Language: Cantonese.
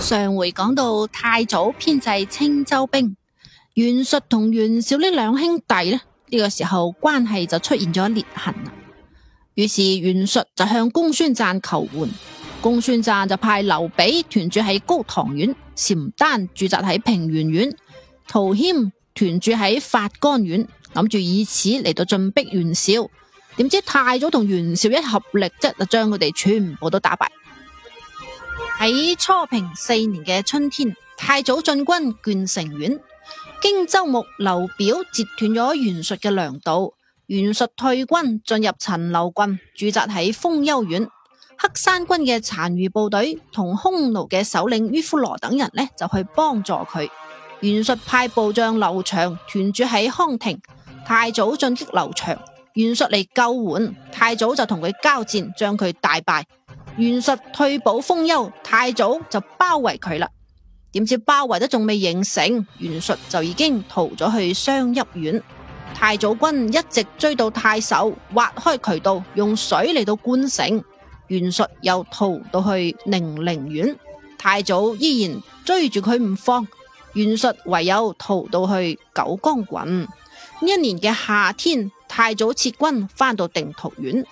上回講到太祖編制青州兵，袁術同袁紹呢兩兄弟呢，呢、呢個時候關係就出現咗裂痕啊。於是袁術就向公孫瓚求援，公孫瓚就派劉備團住喺高唐縣，陳丹駐紮喺平原縣，陶謙團住喺發乾縣，諗住以此嚟到進逼袁紹。點知太祖同袁紹一合力，即就將佢哋全部都打敗。喺初平四年嘅春天，太祖進軍鄄城縣，荊州牧劉表截斷咗袁術嘅糧道，袁術退軍進入陳留郡，駐紮喺豐丘縣。黑山軍嘅殘餘部隊同匈奴嘅首領於夫羅等人呢，就去幫助佢。袁術派部將劉翔屯住喺康亭，太祖進擊劉翔，袁術嚟救援，太祖就同佢交戰，將佢大敗。袁術退保封丘，太祖就包圍佢啦。點知包圍得仲未形成，袁術就已經逃咗去商邑縣。太祖軍一直追到太守，挖開渠道用水嚟到灌城。袁術又逃到去寧陵縣，太祖依然追住佢唔放。袁術唯有逃到去九江郡。呢一年嘅夏天，太祖撤軍返到定陶縣。